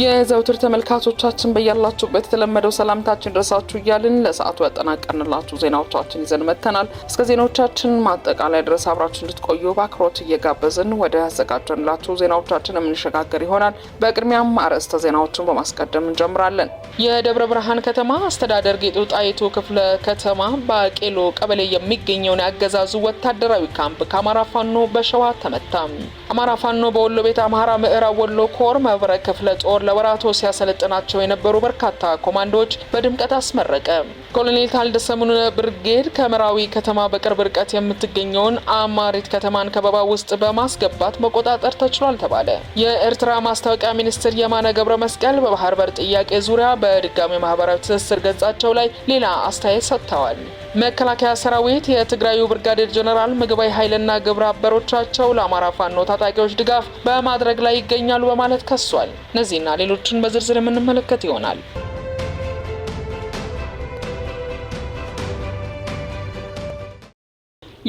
የዘውትር ተመልካቾቻችን በያላችሁበት የተለመደው ሰላምታችን ድረሳችሁ እያልን ለሰዓቱ ያጠናቀንላችሁ ዜናዎቻችን ይዘን መጥተናል። እስከ ዜናዎቻችን ማጠቃለያ ድረስ አብራችሁ እንድትቆዩ በአክብሮት እየጋበዝን ወደ ያዘጋጀንላችሁ ዜናዎቻችን የምንሸጋገር ይሆናል። በቅድሚያም አርዕስተ ዜናዎችን በማስቀደም እንጀምራለን። የደብረ ብርሃን ከተማ አስተዳደር ጌጡ ጣይቱ ክፍለ ከተማ በቄሎ ቀበሌ የሚገኘውን ያገዛዙ ወታደራዊ ካምፕ ከአማራ ፋኖ በሸዋ ተመታ። አማራ ፋኖ በወሎ ቤት አማራ ምዕራብ ወሎ ኮር መብረ ክፍለ ጦር ጦር ለወራቶ ሲያሰለጥናቸው የነበሩ በርካታ ኮማንዶዎች በድምቀት አስመረቀ። ኮሎኔል ካልደ ሰሙነ ብርጌድ ከመራዊ ከተማ በቅርብ ርቀት የምትገኘውን አማሪት ከተማን ከበባ ውስጥ በማስገባት መቆጣጠር ተችሏል ተባለ። የኤርትራ ማስታወቂያ ሚኒስትር የማነ ገብረ መስቀል በባህር በር ጥያቄ ዙሪያ በድጋሚ ማህበራዊ ትስስር ገጻቸው ላይ ሌላ አስተያየት ሰጥተዋል። መከላከያ ሰራዊት የትግራዩ ብርጋዴር ጀነራል ምግባይ ኃይልና ግብረ አበሮቻቸው ለአማራ ፋኖ ታጣቂዎች ድጋፍ በማድረግ ላይ ይገኛሉ በማለት ከሷል። እነዚህና ሌሎችን በዝርዝር የምንመለከት ይሆናል።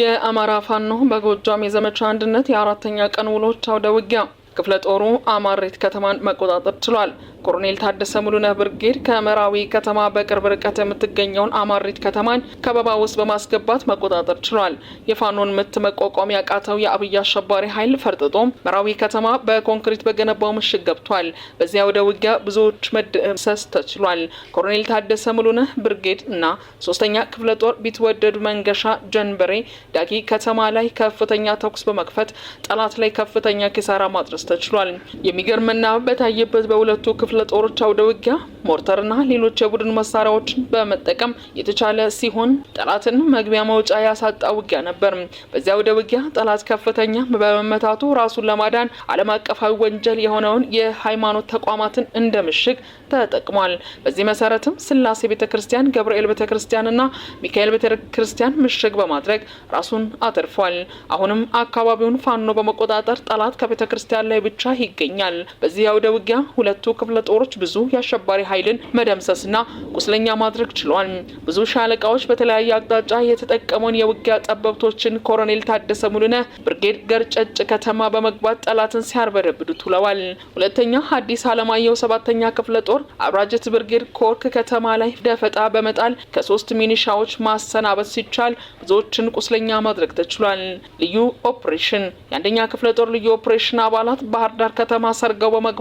የአማራ ፋኖ በጎጃም የዘመቻ አንድነት የአራተኛ ቀን ውሎች አውደ ውጊያ ክፍለ ጦሩ አማሬት ከተማን መቆጣጠር ችሏል። ኮሎኔል ታደሰ ሙሉነህ ብርጌድ ከመራዊ ከተማ በቅርብ ርቀት የምትገኘውን አማሬት ከተማን ከበባ ውስጥ በማስገባት መቆጣጠር ችሏል። የፋኖን ምት መቋቋም ያቃተው የአብይ አሸባሪ ኃይል ፈርጥጦ መራዊ ከተማ በኮንክሪት በገነባው ምሽግ ገብቷል። በዚያ ወደ ውጊያ ብዙዎች መደምሰስ ተችሏል። ኮሎኔል ታደሰ ሙሉነህ ብርጌድ እና ሶስተኛ ክፍለ ጦር ቢትወደዱ መንገሻ ጀንበሬ ዳጊ ከተማ ላይ ከፍተኛ ተኩስ በመክፈት ጠላት ላይ ከፍተኛ ኪሳራ ማድረስ ተችሏል። የሚገርምና በታየበት በሁለቱ ክፍለ ጦሮች አውደ ውጊያ ሞርተርና ሌሎች የቡድን መሳሪያዎችን በመጠቀም የተቻለ ሲሆን ጠላትን መግቢያ መውጫ ያሳጣ ውጊያ ነበር። በዚያ ወደ ውጊያ ጠላት ከፍተኛ በመመታቱ ራሱን ለማዳን ዓለም አቀፋዊ ወንጀል የሆነውን የሃይማኖት ተቋማትን እንደ ምሽግ ተጠቅሟል። በዚህ መሰረትም ስላሴ ቤተ ክርስቲያን፣ ገብርኤል ቤተ ክርስቲያንና ሚካኤል ቤተ ክርስቲያን ምሽግ በማድረግ ራሱን አትርፏል። አሁንም አካባቢውን ፋኖ በመቆጣጠር ጠላት ከቤተ ክርስቲያን ላይ ብቻ ይገኛል። በዚህ አውደ ውጊያ ሁለቱ ክፍለ ጦሮች ብዙ የአሸባሪ ኃይልን መደምሰስና ቁስለኛ ማድረግ ችሏል። ብዙ ሻለቃዎች በተለያየ አቅጣጫ የተጠቀመውን የውጊያ ጠበብቶችን ኮሎኔል ታደሰ ሙሉነ ብርጌድ ገርጨጭ ከተማ በመግባት ጠላትን ሲያርበደብዱ ውለዋል። ሁለተኛ አዲስ አለማየሁ ሰባተኛ ክፍለ ጦር አብራጀት ብርጌድ ኮርክ ከተማ ላይ ደፈጣ በመጣል ከሶስት ሚኒሻዎች ማሰናበት ሲቻል ብዙዎችን ቁስለኛ ማድረግ ተችሏል። ልዩ ኦፕሬሽን የአንደኛ ክፍለ ጦር ልዩ ኦፕሬሽን አባላት ባህር ዳር ከተማ ሰርገው በመግባት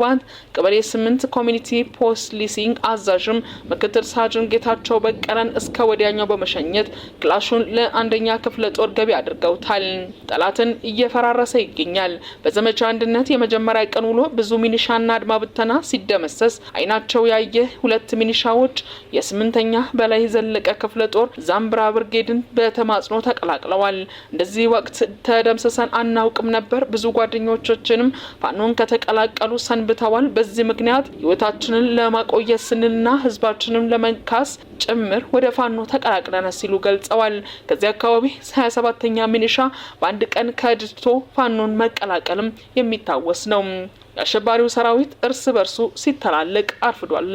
ቀበሌ ስምንት ኮሚኒቲ ፖሊስ ሲንግ አዛዥም ምክትል ሳጅን ጌታቸው በቀለን እስከ ወዲያኛው በመሸኘት ክላሹን ለአንደኛ ክፍለ ጦር ገቢ አድርገውታል። ጠላትን እየፈራረሰ ይገኛል። በዘመቻ አንድነት የመጀመሪያ ቀን ውሎ ብዙ ሚኒሻና አድማ ብተና ሲደመሰስ አይናቸው ያየ ሁለት ሚኒሻዎች የስምንተኛ በላይ ዘለቀ ክፍለ ጦር ዛምብራ ብርጌድን በተማጽኖ ተቀላቅለዋል። እንደዚህ ወቅት ተደምስሰን አናውቅም ነበር። ብዙ ጓደኞቻችንም ፋኖን ከተቀላቀሉ ሰንብተዋል። በዚህ ምክንያት ህይወታችንን ለማቆየ መየስንና ህዝባችንም ለመካስ ጭምር ወደ ፋኖ ተቀላቅለናል ሲሉ ገልጸዋል። ከዚህ አካባቢ ሀያ ሰባተኛ ሚኒሻ በአንድ ቀን ከድቶ ፋኖን መቀላቀልም የሚታወስ ነው። የአሸባሪው ሰራዊት እርስ በርሱ ሲተላለቅ አርፍዷል።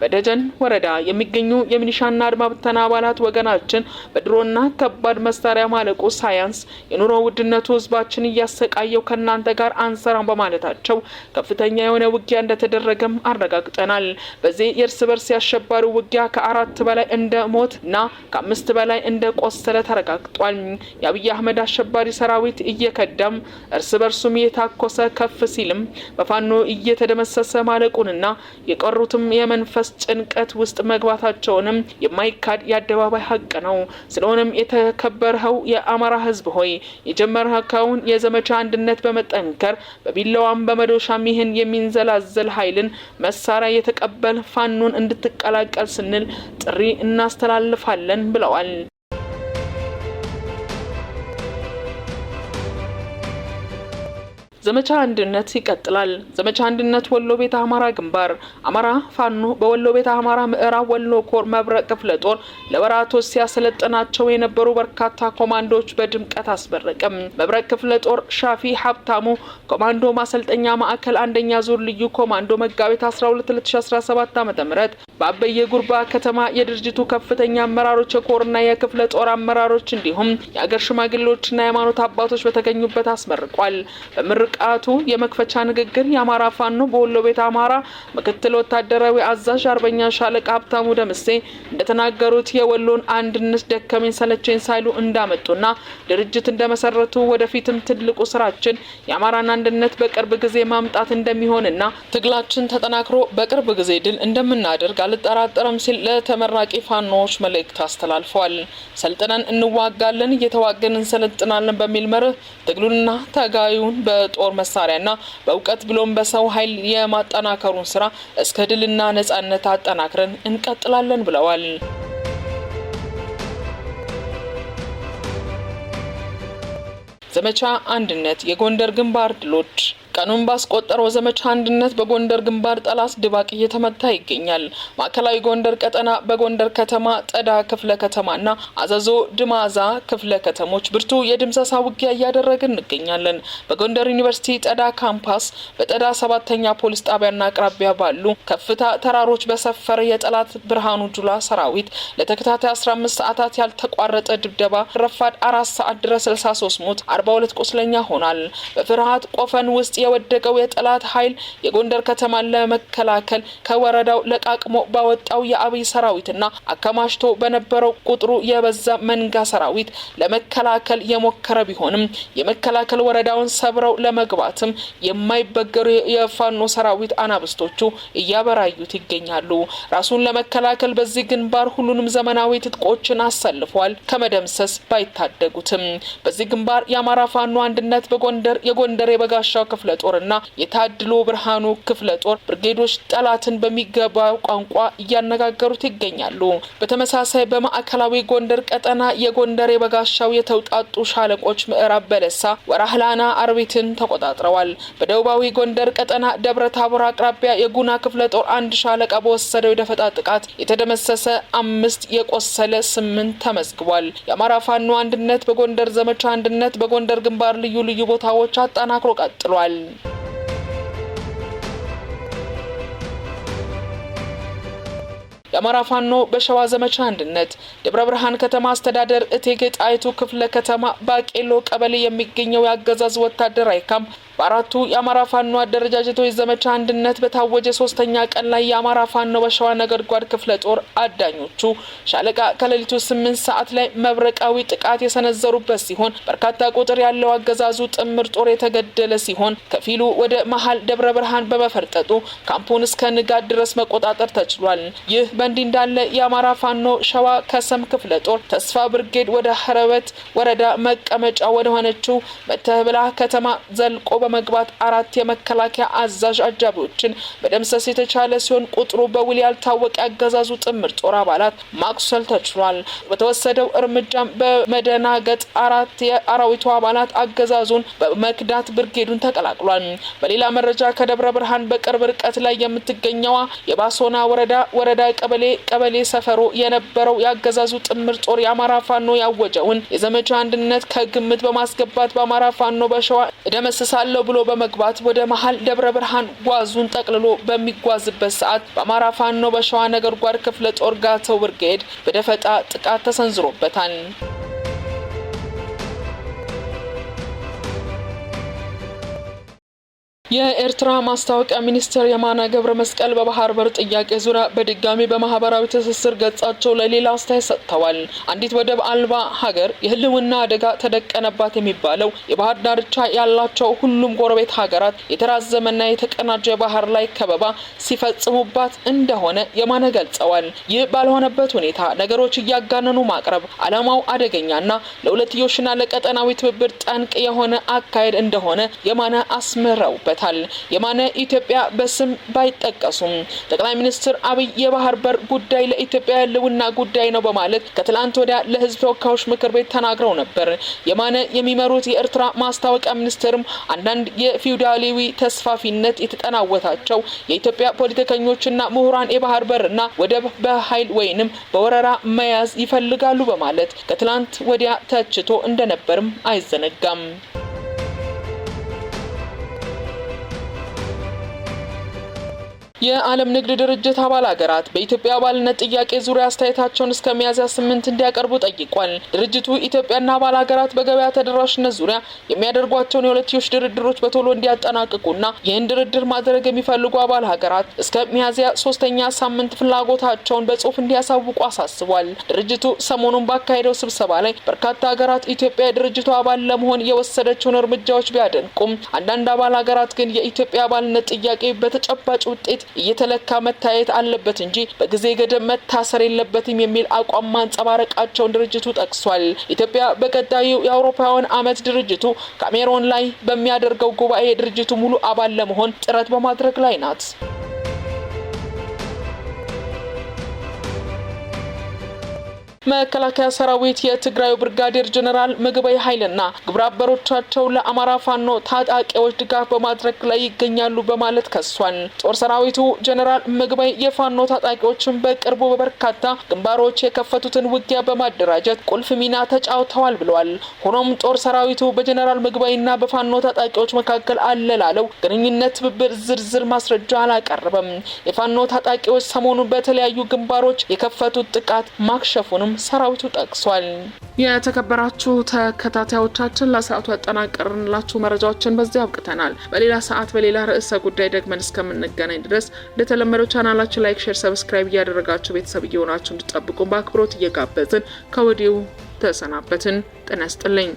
በደጀን ወረዳ የሚገኙ የሚኒሻና አድማ ብተና አባላት ወገናችን በድሮና ከባድ መሳሪያ ማለቁ ሳያንስ የኑሮ ውድነቱ ህዝባችን እያሰቃየው ከእናንተ ጋር አንሰራም በማለታቸው ከፍተኛ የሆነ ውጊያ እንደተደረገም አረጋግጠናል። በዚህ የእርስ በርስ የአሸባሪው ውጊያ ከአራት በላይ እንደ ሞት እና ከአምስት በላይ እንደ ቆሰለ ተረጋግጧል። የአብይ አህመድ አሸባሪ ሰራዊት እየከዳም እርስ በርሱም እየታኮሰ ከፍ ሲልም በፋኖ እየተደመሰሰ ማለቁንና የቀሩትም የመንፈስ ጭንቀት ውስጥ መግባታቸውንም የማይካድ የአደባባይ ሀቅ ነው። ስለሆነም የተከበርኸው የአማራ ህዝብ ሆይ የጀመርከውን የዘመቻ አንድነት በመጠንከር በቢላዋም በመዶሻም ይህን የሚንዘላዘል ኃይልን መሳሪያ የተቀበል ፋኖን እንድትቀላቀል ስንል ጥሪ እናስተላልፋለን ብለዋል። ዘመቻ አንድነት ይቀጥላል። ዘመቻ አንድነት ወሎ ቤተ አማራ ግንባር አማራ ፋኖ በወሎ ቤተ አማራ ምዕራብ ወሎ ኮር መብረቅ ክፍለ ጦር ለወራቶች ሲያሰለጥናቸው የነበሩ በርካታ ኮማንዶዎች በድምቀት አስመረቀም። መብረቅ ክፍለ ጦር ሻፊ ሀብታሙ ኮማንዶ ማሰልጠኛ ማዕከል አንደኛ ዙር ልዩ ኮማንዶ መጋቢት 12 2017 ዓ.ም በአበየ ጉርባ ከተማ የድርጅቱ ከፍተኛ አመራሮች የኮርና የክፍለ ጦር አመራሮች እንዲሁም የአገር ሽማግሌዎችና የሃይማኖት አባቶች በተገኙበት አስመርቋል። በምርቃ የወጣቱ የመክፈቻ ንግግር የአማራ ፋኖ በወሎ ቤት አማራ ምክትል ወታደራዊ አዛዥ አርበኛ ሻለቃ ሀብታሙ ደምሴ እንደተናገሩት የወሎን አንድነት ደከመኝ ሰለቸኝ ሳይሉ እንዳመጡና ድርጅት እንደመሰረቱ ወደፊትም ትልቁ ስራችን የአማራን አንድነት በቅርብ ጊዜ ማምጣት እንደሚሆንና ትግላችን ተጠናክሮ በቅርብ ጊዜ ድል እንደምናደርግ አልጠራጠርም ሲል ለተመራቂ ፋኖዎች መልእክት አስተላልፈዋል። ሰልጥነን እንዋጋለን፣ እየተዋገን እንሰለጥናለን በሚል መርህ ትግሉንና ተጋዩን በጦ መሳሪያ መሳሪያና በእውቀት ብሎም በሰው ኃይል የማጠናከሩን ስራ እስከ ድልና ነጻነት አጠናክረን እንቀጥላለን ብለዋል። ዘመቻ አንድነት የጎንደር ግንባር ድሎች ቀኑን ባስቆጠረው ዘመቻ አንድነት በጎንደር ግንባር ጠላት ድባቅ እየተመታ ይገኛል። ማዕከላዊ ጎንደር ቀጠና በጎንደር ከተማ ጠዳ ክፍለ ከተማና አዘዞ ድማዛ ክፍለ ከተሞች ብርቱ የድምሰሳ ውጊያ እያደረግን እንገኛለን። በጎንደር ዩኒቨርሲቲ ጠዳ ካምፓስ በጠዳ ሰባተኛ ፖሊስ ጣቢያና አቅራቢያ ባሉ ከፍታ ተራሮች በሰፈረ የጠላት ብርሃኑ ጁላ ሰራዊት ለተከታታይ 15 ሰዓታት ያልተቋረጠ ድብደባ ረፋድ አራት ሰዓት ድረስ 63 ሞት 42 ቁስለኛ ሆናል። በፍርሃት ቆፈን ውስጥ የወደቀው የጠላት ኃይል የጎንደር ከተማን ለመከላከል ከወረዳው ለቃቅሞ ባወጣው የአብይ ሰራዊትና አከማችቶ በነበረው ቁጥሩ የበዛ መንጋ ሰራዊት ለመከላከል የሞከረ ቢሆንም የመከላከል ወረዳውን ሰብረው ለመግባትም የማይበገሩ የፋኖ ሰራዊት አናብስቶቹ እያበራዩት ይገኛሉ። ራሱን ለመከላከል በዚህ ግንባር ሁሉንም ዘመናዊ ትጥቆችን አሰልፏል። ከመደምሰስ ባይታደጉትም በዚህ ግንባር የአማራ ፋኖ አንድነት በጎንደር የጎንደር የበጋሻው ክፍለ ጦርና የታድሎ ብርሃኑ ክፍለ ጦር ብርጌዶች ጠላትን በሚገባ ቋንቋ እያነጋገሩት ይገኛሉ። በተመሳሳይ በማዕከላዊ ጎንደር ቀጠና የጎንደር የበጋሻው የተውጣጡ ሻለቆች ምዕራብ በለሳ፣ ወራህላና አርቢትን ተቆጣጥረዋል። በደቡባዊ ጎንደር ቀጠና ደብረ ታቦር አቅራቢያ የጉና ክፍለ ጦር አንድ ሻለቃ በወሰደው የደፈጣ ጥቃት የተደመሰሰ አምስት የቆሰለ ስምንት ተመዝግቧል። የአማራ ፋኖ አንድነት በጎንደር ዘመቻ አንድነት በጎንደር ግንባር ልዩ ልዩ ቦታዎች አጠናክሮ ቀጥሏል። የአማራ ፋኖ በሸዋ ዘመቻ አንድነት ደብረ ብርሃን ከተማ አስተዳደር እቴጌ ጣይቱ ክፍለ ከተማ ባቄሎ ቀበሌ የሚገኘው የአገዛዝ ወታደራዊ ካምፕ በአራቱ የአማራ ፋኖ አደረጃጀቶች ዘመቻ አንድነት በታወጀ ሶስተኛ ቀን ላይ የአማራ ፋኖ በሸዋ ነጎድጓድ ክፍለ ጦር አዳኞቹ ሻለቃ ከሌሊቱ ስምንት ሰዓት ላይ መብረቃዊ ጥቃት የሰነዘሩበት ሲሆን በርካታ ቁጥር ያለው አገዛዙ ጥምር ጦር የተገደለ ሲሆን ከፊሉ ወደ መሀል ደብረ ብርሃን በመፈርጠጡ ካምፑን እስከ ንጋት ድረስ መቆጣጠር ተችሏል። ይህ በእንዲህ እንዳለ የአማራ ፋኖ ሸዋ ከሰም ክፍለ ጦር ተስፋ ብርጌድ ወደ ህረበት ወረዳ መቀመጫ ወደሆነችው መተብላ ከተማ ዘልቆ በመግባት አራት የመከላከያ አዛዥ አጃቢዎችን መደምሰስ የተቻለ ሲሆን ቁጥሩ በውል ያልታወቀ ያገዛዙ ጥምር ጦር አባላት ማቁሰል ተችሏል። በተወሰደው እርምጃም በመደናገጥ አራት የአራዊቱ አባላት አገዛዙን በመክዳት ብርጌዱን ተቀላቅሏል። በሌላ መረጃ ከደብረ ብርሃን በቅርብ ርቀት ላይ የምትገኘዋ የባሶና ወረዳ ወረዳ ቀበሌ ቀበሌ ሰፈሮ የነበረው የአገዛዙ ጥምር ጦር የአማራ ፋኖ ያወጀውን የዘመቻ አንድነት ከግምት በማስገባት በአማራ ፋኖ በሸዋ እደመስሳለሁ አለው ብሎ በመግባት ወደ መሀል ደብረ ብርሃን ጓዙን ጠቅልሎ በሚጓዝበት ሰዓት በአማራ ፋኖ በሸዋ ጓድ ክፍለ ጦር ጋተው ብርጌድ በደፈጣ ጥቃት ተሰንዝሮበታል። የኤርትራ ማስታወቂያ ሚኒስትር የማነ ገብረ መስቀል በባህር በር ጥያቄ ዙሪያ በድጋሚ በማህበራዊ ትስስር ገጻቸው ለሌላ አስተያየት ሰጥተዋል። አንዲት ወደብ አልባ ሀገር የህልውና አደጋ ተደቀነባት የሚባለው የባህር ዳርቻ ያላቸው ሁሉም ጎረቤት ሀገራት የተራዘመና የተቀናጀ የባህር ላይ ከበባ ሲፈጽሙባት እንደሆነ የማነ ገልጸዋል። ይህ ባልሆነበት ሁኔታ ነገሮች እያጋነኑ ማቅረብ ዓላማው አደገኛና ለሁለትዮሽና ለቀጠናዊ ትብብር ጠንቅ የሆነ አካሄድ እንደሆነ የማነ አስምረውበት ይገኙበታል። የማነ ኢትዮጵያ በስም ባይጠቀሱም ጠቅላይ ሚኒስትር አብይ የባህር በር ጉዳይ ለኢትዮጵያ የህልውና ጉዳይ ነው በማለት ከትላንት ወዲያ ለህዝብ ተወካዮች ምክር ቤት ተናግረው ነበር። የማነ የሚመሩት የኤርትራ ማስታወቂያ ሚኒስትርም አንዳንድ የፊውዳሌዊ ተስፋፊነት የተጠናወታቸው የኢትዮጵያ ፖለቲከኞችና ምሁራን የባህር በርና ወደብ በኃይል ወይንም በወረራ መያዝ ይፈልጋሉ በማለት ከትላንት ወዲያ ተችቶ እንደነበርም አይዘነጋም። የዓለም ንግድ ድርጅት አባል ሀገራት በኢትዮጵያ አባልነት ጥያቄ ዙሪያ አስተያየታቸውን እስከ ሚያዝያ ስምንት እንዲያቀርቡ ጠይቋል። ድርጅቱ ኢትዮጵያና አባል ሀገራት በገበያ ተደራሽነት ዙሪያ የሚያደርጓቸውን የሁለትዮሽ ድርድሮች በቶሎ እንዲያጠናቅቁና ይህን ድርድር ማድረግ የሚፈልጉ አባል ሀገራት እስከ ሚያዝያ ሶስተኛ ሳምንት ፍላጎታቸውን በጽሁፍ እንዲያሳውቁ አሳስቧል። ድርጅቱ ሰሞኑን ባካሄደው ስብሰባ ላይ በርካታ ሀገራት ኢትዮጵያ የድርጅቱ አባል ለመሆን የወሰደችውን እርምጃዎች ቢያደንቁም አንዳንድ አባል ሀገራት ግን የኢትዮጵያ አባልነት ጥያቄ በተጨባጭ ውጤት እየተለካ መታየት አለበት እንጂ በጊዜ ገደብ መታሰር የለበትም የሚል አቋም ማንጸባረቃቸውን ድርጅቱ ጠቅሷል። ኢትዮጵያ በቀጣዩ የአውሮፓውያን ዓመት ድርጅቱ ካሜሮን ላይ በሚያደርገው ጉባኤ የድርጅቱ ሙሉ አባል ለመሆን ጥረት በማድረግ ላይ ናት። መከላከያ ሰራዊት የትግራዩ ብርጋዴር ጀነራል ምግበይ ኃይልና ግብረ ለአማራ ፋኖ ታጣቂዎች ድጋፍ በማድረግ ላይ ይገኛሉ በማለት ከሷል። ጦር ሰራዊቱ ጀኔራል ምግበይ የፋኖ ታጣቂዎችን በቅርቡ በበርካታ ግንባሮች የከፈቱትን ውጊያ በማደራጀት ቁልፍ ሚና ተጫውተዋል ብለዋል። ሆኖም ጦር ሰራዊቱ በጀኔራል ምግበይና በፋኖ ታጣቂዎች መካከል አለ ላለው ግንኙነት ትብብር ዝርዝር ማስረጃ አላቀረበም። የፋኖ ታጣቂዎች ሰሞኑን በተለያዩ ግንባሮች የከፈቱት ጥቃት ማክሸፉንም ሰራዊቱ ጠቅሷል። የተከበራችሁ ተከታታዮቻችን ለሰዓቱ ያጠናቀርንላችሁ መረጃዎችን በዚህ አብቅተናል። በሌላ ሰዓት በሌላ ርዕሰ ጉዳይ ደግመን እስከምንገናኝ ድረስ እንደተለመደው ቻናላችን ላይክ፣ ሼር፣ ሰብስክራይብ እያደረጋችሁ ቤተሰብ እየሆናችሁ እንድጠብቁ በአክብሮት እየጋበዝን ከወዲሁ ተሰናበትን። ጤና ይስጥልኝ።